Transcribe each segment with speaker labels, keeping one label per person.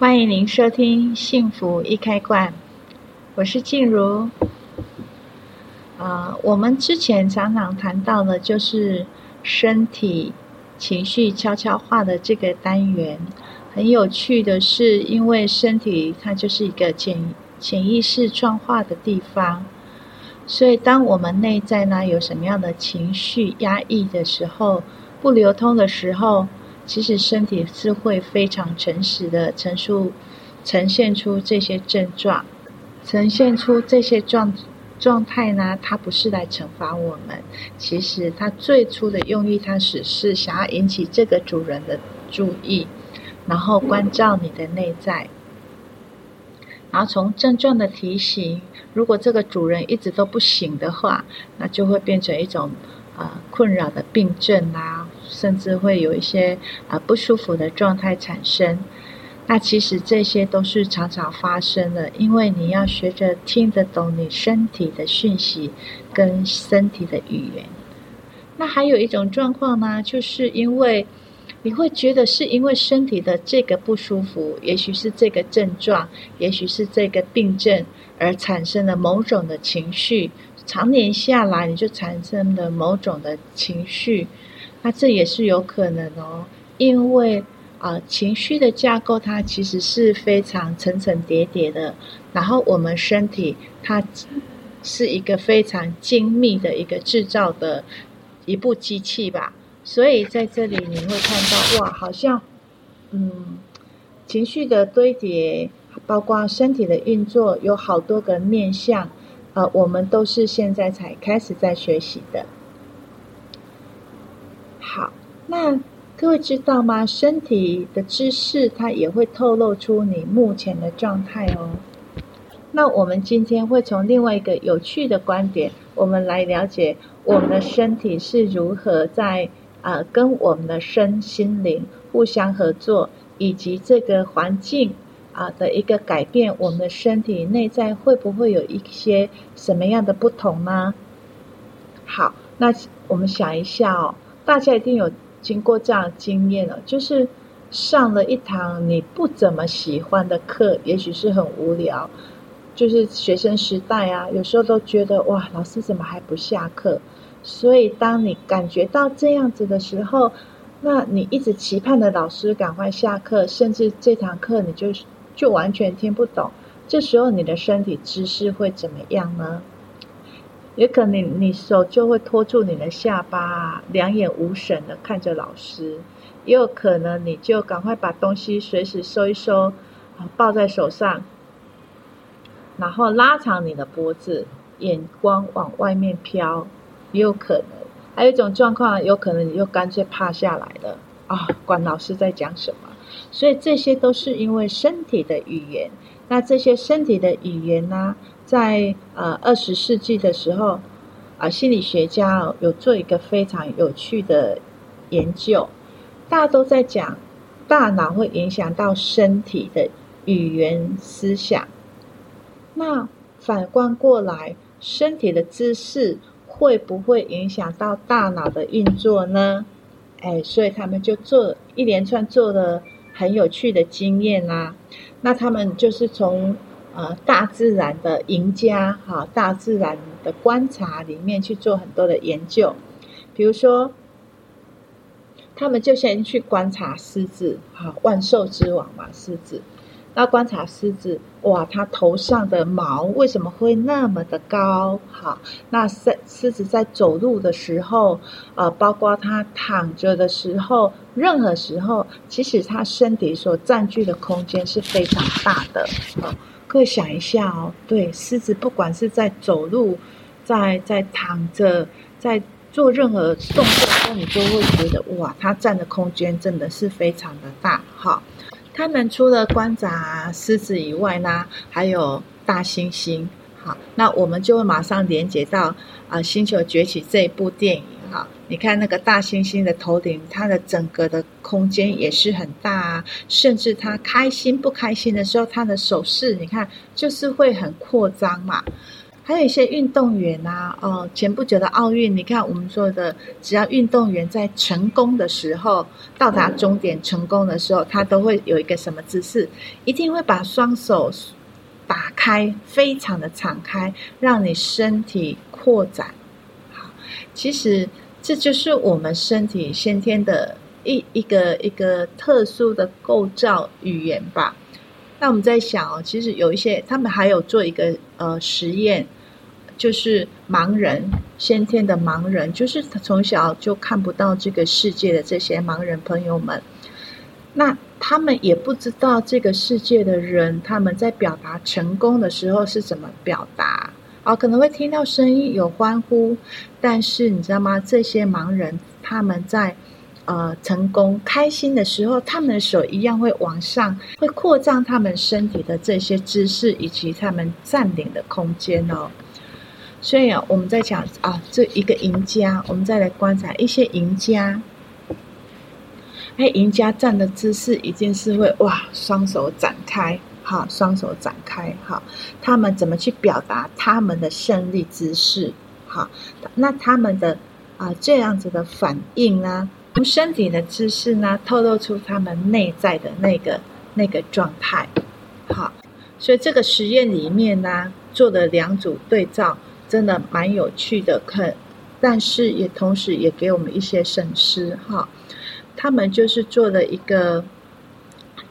Speaker 1: 歡迎您收聽《幸福易開罐》，我是靜茹。呃，我們之前常常談到的，就是身體情緒悄悄話的這個單元。很有趣的是，因為身體它就是一個潛潛意識轉化的地方，所以當我們內在呢有什麼樣的情緒壓抑的時候，不流通的時候。其實身體是會非常誠實的，陳述、呈現出這些症狀，呈現出這些狀狀態呢。它不是來懲罰我們，其實它最初的用意，它只是想要引起這個主人的注意，然後關照你的內在。然後從症狀的提醒，如果這個主人一直都不醒的話，那就會變成一種啊、呃、困擾的病症啦、啊。甚至會有一些啊不舒服的狀態產生。那其實這些都是常常發生的，因為你要學着聽得懂你身體的訊息跟身體的語言。那還有一種狀況呢，就是因為你會覺得是因為身體的這個不舒服，也許是這個症狀，也許是這個病症，而產生了某種的情緒。常年下來，你就產生了某種的情緒。那、啊、這也是有可能哦，因為啊、呃，情緒的架構它其實是非常層層疊疊的。然後我們身體它是一個非常精密的一個制造的一部機器吧。所以在這裡你會看到，哇，好像嗯，情緒的堆疊，包括身體的運作，有好多個面向，呃，我們都是現在才開始在學習的。好，那各位知道嗎？身體的姿勢它也會透露出你目前的狀態哦。那我們今天會從另外一個有趣的觀點，我們來了解我們的身體是如何在啊、呃、跟我們的身心靈互相合作，以及這個環境啊、呃、的一個改變，我們的身體內在會不會有一些什麼樣的不同呢？好，那我們想一下哦。大家一定有經過這樣的經驗了、哦，就是上了一堂你不怎麼喜歡的課，也許是很無聊。就是學生時代啊，有時候都覺得哇，老師怎麼還不下課？所以當你感覺到這樣子的時候，那你一直期盼著老師趕快下課，甚至這堂課你就就完全聽不懂。這時候你的身體姿勢會怎麼樣呢？也可能你，你手就會托住你的下巴，兩眼無神的看着老師；也有可能你就趕快把東西隨時收一收，抱在手上，然後拉長你的脖子，眼光往外面飄；也有可能，還有一種狀況，有可能你就乾脆趴下來了，啊、哦，管老師在講什麼。所以這些都是因為身體的語言。那這些身體的語言呢、啊，在呃二十世紀的時候，啊心理學家有做一個非常有趣的研究，大家都在講大腦會影響到身體的語言思想，那反觀過來，身體的姿勢會不會影響到大腦的運作呢？哎、欸，所以他們就做一連串做了很有趣的經驗啦、啊。那他們就是從呃大自然的贏家哈，大自然的觀察裡面去做很多的研究，比如說，他們就先去觀察獅子啊，萬獸之王嘛，獅子。那觀察獅子，哇，它頭上的毛為什麼會那麼的高？哈，那獅獅子在走路的時候，呃，包括它躺着的時候，任何時候，其實它身體所占據的空間是非常大的。哦，各位想一下哦，對，獅子不管是在走路、在在躺着、在做任何動作的時候，你都會覺得哇，它佔的空間真的是非常的大。好。他們除了觀察獅、啊、子以外呢，還有大猩猩。好，那我們就會馬上連接到啊，呃《星球崛起》這一部電影。哈，你看那個大猩猩的頭頂，它的整個的空間也是很大啊。甚至它開心不開心的時候，它的手勢，你看就是會很擴張嘛。還有一些運動員吶，哦，前不久的奧運，你看我們說的，只要運動員在成功的時候，到達終點成功的時候，他都會有一個什麼姿勢？一定會把雙手打開，非常的敞開，讓你身體擴展。好，其實這就是我們身體先天的一一個一個特殊的構造語言吧。那我們在想哦，其實有一些，他們還有做一個呃實驗。就是盲人，先天的盲人，就是從小就看不到這個世界的這些盲人朋友們。那他們也不知道這個世界的人，他們在表達成功的時候是怎麼表達啊、哦？可能會聽到聲音有歡呼，但是你知道嗎？這些盲人他們在呃成功、開心的時候，他們的手一樣會往上，會擴張他們身體的這些姿勢以及他們佔領的空間哦。所以啊，我們在講啊，這一個贏家，我們再來觀察一些贏家。哎，贏家站的姿勢一定是會哇，雙手展開哈，雙手展開哈，他們怎麼去表達他們的勝利姿勢哈？那他們的啊這樣子的反應呢？從身體的姿勢呢，透露出他們內在的那個那個狀態哈。所以這個實驗裡面呢，做的兩組對照。真的蠻有趣的，可，但是也同時也給我們一些省思哈。他們就是做了一個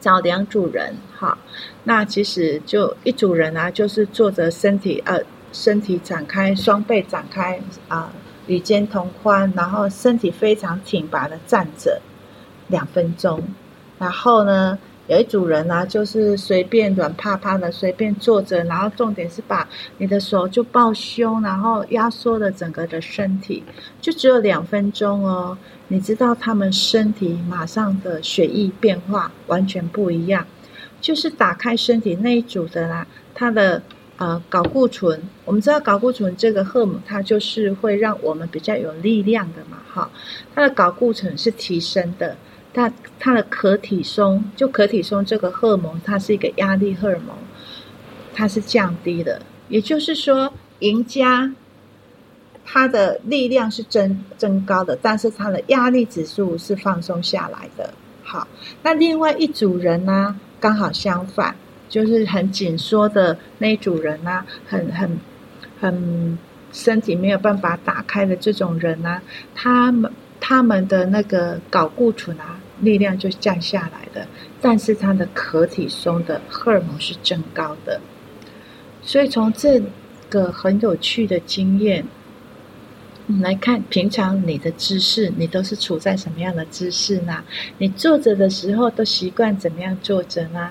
Speaker 1: 找兩組人哈，那其實就一組人啊，就是坐着身體呃，身體展開，雙臂展開啊，呃，與肩同寬，然後身體非常挺拔的站着兩分鐘，然後呢。有一組人呢、啊，就是隨便軟趴趴的隨便坐着然後重點是把你的手就抱胸，然後壓縮了整個的身體，就只有兩分鐘哦。你知道他們身體馬上的血液變化完全不一樣，就是打開身體那一組的啦、啊，他的呃睾固醇，我們知道睾固醇這個荷爾蒙，它就是會讓我們比較有力量的嘛，哈，他的睾固醇是提升的。他他的可體松，就可體松這個荷爾蒙，它是一個壓力荷爾蒙，它是降低的。也就是說，贏家他的力量是增增高的，但是他的壓力指數是放鬆下來的。好，那另外一組人呢、啊，剛好相反，就是很緊縮的那一組人呢、啊，很很很身體沒有辦法打開的這種人呢、啊，他們。他們的那個睪固酮啊，力量就降下來的，但是他的可體松的荷爾蒙是增高的，所以從這個很有趣的經驗來看，平常你的姿勢，你都是處在什麼樣的姿勢呢？你坐着的時候都習慣怎麼樣坐着呢？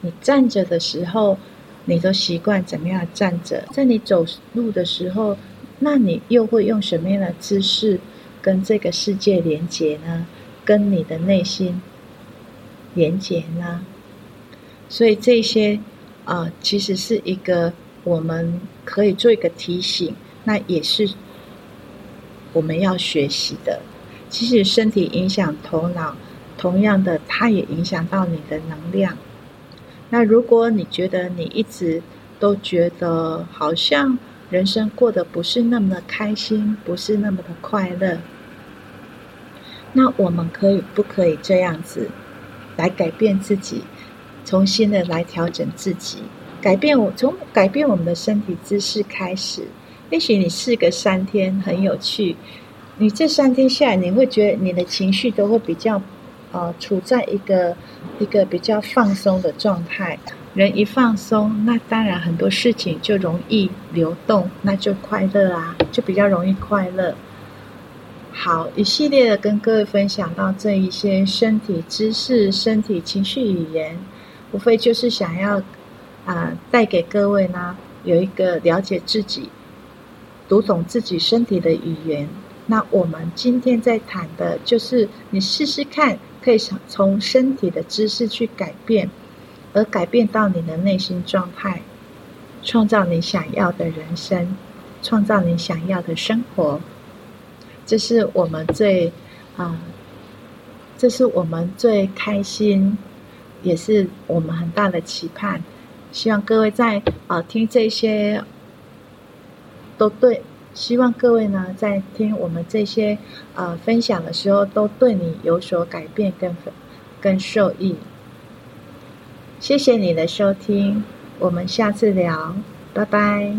Speaker 1: 你站着的時候，你都習慣怎麼樣站着？在你走路的時候，那你又會用什麼樣的姿勢？跟這個世界連接呢，跟你的內心連接呢，所以這些啊、呃，其實是一個我們可以做一個提醒，那也是我們要學習的。其實身體影響頭腦，同樣的，它也影響到你的能量。那如果你覺得你一直都覺得好像。人生過得不是那麼的開心，不是那麼的快樂。那我們可以不可以這樣子，來改變自己，重新的來調整自己，改變我從改變我們的身體姿勢開始。也許你試個三天很有趣，你這三天下來，你會覺得你的情緒都會比較，呃，處在一個一個比較放鬆的狀態。人一放鬆，那當然很多事情就容易流動，那就快樂啊，就比較容易快樂。好，一系列的跟各位分享到這一些身體姿勢、身體情緒語言，無非就是想要啊、呃，帶給各位呢有一個了解自己、讀懂自己身體的語言。那我們今天在談的，就是你試試看，可以想從身體的姿勢去改變。而改變到你的內心狀態，創造你想要的人生，創造你想要的生活，這是我們最啊、呃，這是我們最開心，也是我們很大的期盼。希望各位在啊、呃，聽這些都對，希望各位呢在聽我們這些呃分享的時候，都對你有所改變跟跟受益。謝謝你的收聽，我們下次聊，拜拜。